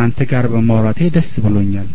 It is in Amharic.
ከአንተ ጋር በማውራቴ ደስ ብሎኛል